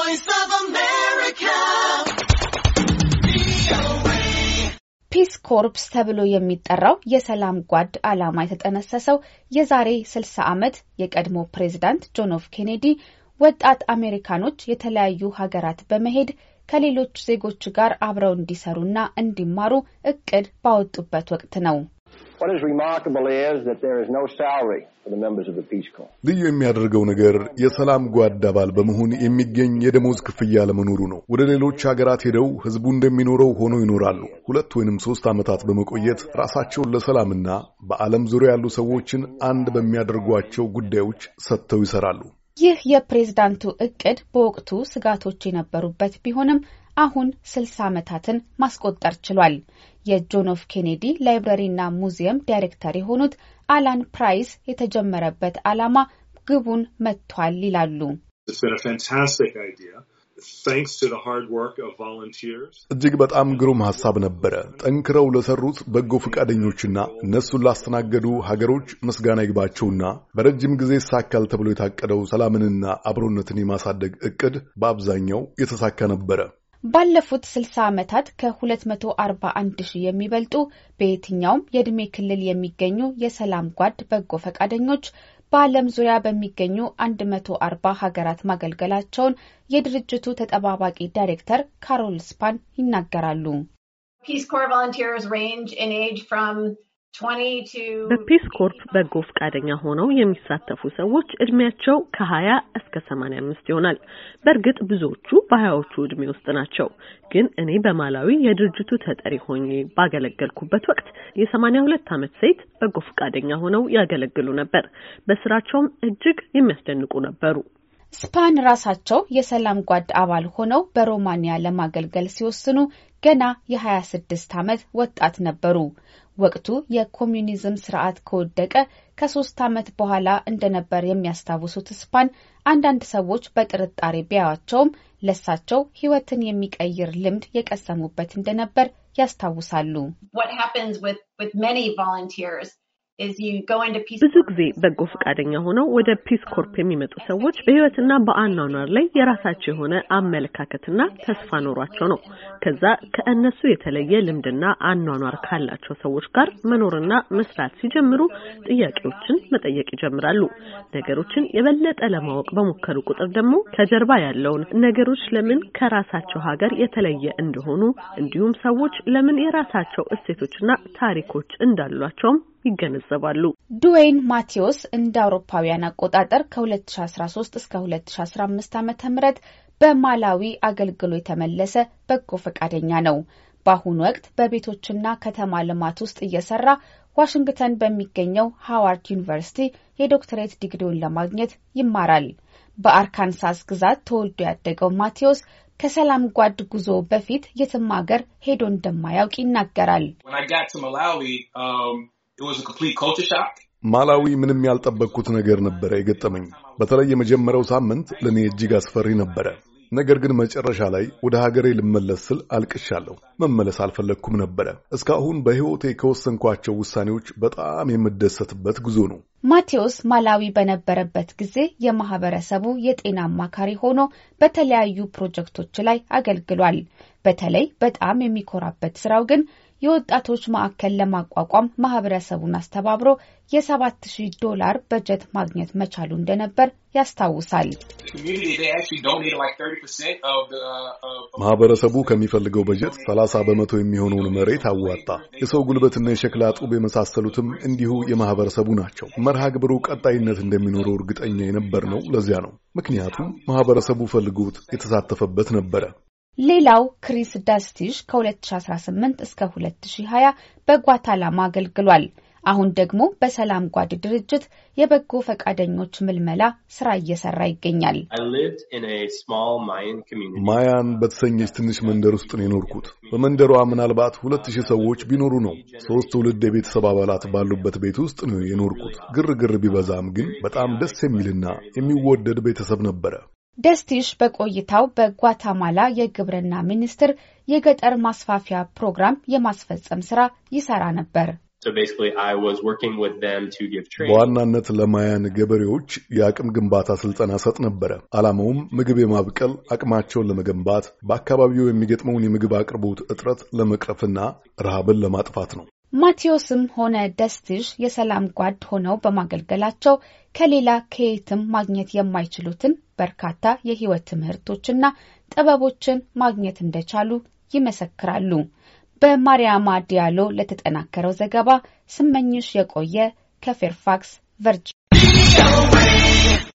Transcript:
voice of America. ፒስ ኮርፕስ ተብሎ የሚጠራው የሰላም ጓድ ዓላማ የተጠነሰሰው የዛሬ 60 ዓመት የቀድሞ ፕሬዝዳንት ጆን ኦፍ ኬኔዲ ወጣት አሜሪካኖች የተለያዩ ሀገራት በመሄድ ከሌሎች ዜጎች ጋር አብረው እንዲሰሩና እንዲማሩ እቅድ ባወጡበት ወቅት ነው። What is remarkable is that there is no salary for the members of the Peace Corps. ልዩ የሚያደርገው ነገር የሰላም ጓድ አባል በመሆን የሚገኝ የደሞዝ ክፍያ ለመኖሩ ነው። ወደ ሌሎች ሀገራት ሄደው ህዝቡ እንደሚኖረው ሆኖ ይኖራሉ። ሁለት ወይንም ሶስት ዓመታት በመቆየት ራሳቸውን ለሰላምና በዓለም ዙሪያ ያሉ ሰዎችን አንድ በሚያደርጓቸው ጉዳዮች ሰጥተው ይሰራሉ። ይህ የፕሬዝዳንቱ እቅድ በወቅቱ ስጋቶች የነበሩበት ቢሆንም አሁን ስልሳ ዓመታትን ማስቆጠር ችሏል። የጆን ኦፍ ኬኔዲ ላይብረሪና ሙዚየም ዳይሬክተር የሆኑት አላን ፕራይስ የተጀመረበት ዓላማ ግቡን መጥቷል ይላሉ። እጅግ በጣም ግሩም ሀሳብ ነበረ። ጠንክረው ለሰሩት በጎ ፈቃደኞችና እነሱን ላስተናገዱ ሀገሮች ምስጋና ይግባቸውና በረጅም ጊዜ ይሳካል ተብሎ የታቀደው ሰላምንና አብሮነትን የማሳደግ ዕቅድ በአብዛኛው የተሳካ ነበረ። ባለፉት 60 ዓመታት ከ241 ሺህ የሚበልጡ በየትኛውም የዕድሜ ክልል የሚገኙ የሰላም ጓድ በጎ ፈቃደኞች በዓለም ዙሪያ በሚገኙ 140 ሀገራት ማገልገላቸውን የድርጅቱ ተጠባባቂ ዳይሬክተር ካሮል ስፓን ይናገራሉ። በፒስ ኮርፕ በጎ ፈቃደኛ ሆነው የሚሳተፉ ሰዎች እድሜያቸው ከሀያ እስከ ሰማንያ አምስት ይሆናል። በእርግጥ ብዙዎቹ በሀያዎቹ እድሜ ውስጥ ናቸው። ግን እኔ በማላዊ የድርጅቱ ተጠሪ ሆኜ ባገለገልኩበት ወቅት የሰማንያ ሁለት ዓመት ሴት በጎ ፈቃደኛ ሆነው ያገለግሉ ነበር። በስራቸውም እጅግ የሚያስደንቁ ነበሩ። ስፓን ራሳቸው የሰላም ጓድ አባል ሆነው በሮማኒያ ለማገልገል ሲወስኑ ገና የ26 ዓመት ወጣት ነበሩ። ወቅቱ የኮሚኒዝም ስርዓት ከወደቀ ከሶስት ዓመት በኋላ እንደነበር የሚያስታውሱት ስፓን አንዳንድ ሰዎች በጥርጣሬ ቢያያቸውም ለሳቸው ሕይወትን የሚቀይር ልምድ የቀሰሙበት እንደነበር ያስታውሳሉ። ብዙ ጊዜ በጎ ፈቃደኛ ሆነው ወደ ፒስ ኮርፕ የሚመጡ ሰዎች በህይወትና በአኗኗር ላይ የራሳቸው የሆነ አመለካከትና ተስፋ ኖሯቸው ነው። ከዛ ከእነሱ የተለየ ልምድና አኗኗር ካላቸው ሰዎች ጋር መኖርና መስራት ሲጀምሩ ጥያቄዎችን መጠየቅ ይጀምራሉ። ነገሮችን የበለጠ ለማወቅ በሞከሩ ቁጥር ደግሞ ከጀርባ ያለውን ነገሮች ለምን ከራሳቸው ሀገር የተለየ እንደሆኑ እንዲሁም ሰዎች ለምን የራሳቸው እሴቶችና ታሪኮች እንዳሏቸውም ይገነዘባሉ። ዱዌይን ማቴዎስ እንደ አውሮፓውያን አቆጣጠር ከ2013 እስከ 2015 ዓ ም በማላዊ አገልግሎ የተመለሰ በጎ ፈቃደኛ ነው። በአሁኑ ወቅት በቤቶችና ከተማ ልማት ውስጥ እየሰራ ዋሽንግተን በሚገኘው ሃዋርድ ዩኒቨርሲቲ የዶክትሬት ዲግሪውን ለማግኘት ይማራል። በአርካንሳስ ግዛት ተወልዶ ያደገው ማቴዎስ ከሰላም ጓድ ጉዞ በፊት የትም ሀገር ሄዶ እንደማያውቅ ይናገራል። ማላዊ ምንም ያልጠበቅኩት ነገር ነበረ የገጠመኝ። በተለይ የመጀመሪያው ሳምንት ለእኔ እጅግ አስፈሪ ነበረ። ነገር ግን መጨረሻ ላይ ወደ ሀገሬ ልመለስ ስል አልቅሻለሁ። መመለስ አልፈለግኩም ነበረ። እስካሁን በሕይወቴ ከወሰንኳቸው ውሳኔዎች በጣም የምደሰትበት ጉዞ ነው። ማቴዎስ ማላዊ በነበረበት ጊዜ የማህበረሰቡ የጤና አማካሪ ሆኖ በተለያዩ ፕሮጀክቶች ላይ አገልግሏል። በተለይ በጣም የሚኮራበት ስራው ግን የወጣቶች ማዕከል ለማቋቋም ማህበረሰቡን አስተባብሮ የ7000 ዶላር በጀት ማግኘት መቻሉ እንደነበር ያስታውሳል። ማህበረሰቡ ከሚፈልገው በጀት 30 በመቶ የሚሆነውን መሬት አዋጣ። የሰው ጉልበትና የሸክላ ጡብ የመሳሰሉትም እንዲሁ የማህበረሰቡ ናቸው። መርሃ ግብሩ ቀጣይነት እንደሚኖረው እርግጠኛ የነበር ነው። ለዚያ ነው። ምክንያቱም ማህበረሰቡ ፈልጎት የተሳተፈበት ነበረ። ሌላው ክሪስ ዳስቲሽ ከ2018 እስከ 2020 በጓታላማ አገልግሏል። አሁን ደግሞ በሰላም ጓድ ድርጅት የበጎ ፈቃደኞች ምልመላ ስራ እየሰራ ይገኛል። ማያን በተሰኘች ትንሽ መንደር ውስጥ ነው የኖርኩት። በመንደሯ ምናልባት ሁለት ሺህ ሰዎች ቢኖሩ ነው። ሶስት ትውልድ የቤተሰብ አባላት ባሉበት ቤት ውስጥ ነው የኖርኩት። ግርግር ቢበዛም ግን በጣም ደስ የሚልና የሚወደድ ቤተሰብ ነበረ። ደስቲሽ በቆይታው በጓታማላ የግብርና ሚኒስቴር የገጠር ማስፋፊያ ፕሮግራም የማስፈጸም ስራ ይሰራ ነበር። በዋናነት ለማያን ገበሬዎች የአቅም ግንባታ ስልጠና ሰጥ ነበረ። ዓላማውም ምግብ የማብቀል አቅማቸውን ለመገንባት በአካባቢው የሚገጥመውን የምግብ አቅርቦት እጥረት ለመቅረፍና ረሃብን ለማጥፋት ነው። ማቴዎስም ሆነ ደስቲሽ የሰላም ጓድ ሆነው በማገልገላቸው ከሌላ ከየትም ማግኘት የማይችሉትን በርካታ የህይወት ትምህርቶችና ጥበቦችን ማግኘት እንደቻሉ ይመሰክራሉ። በማርያማ ዲያሎ ለተጠናከረው ዘገባ ስመኝሽ የቆየ ከፌርፋክስ ቨርጂኒያ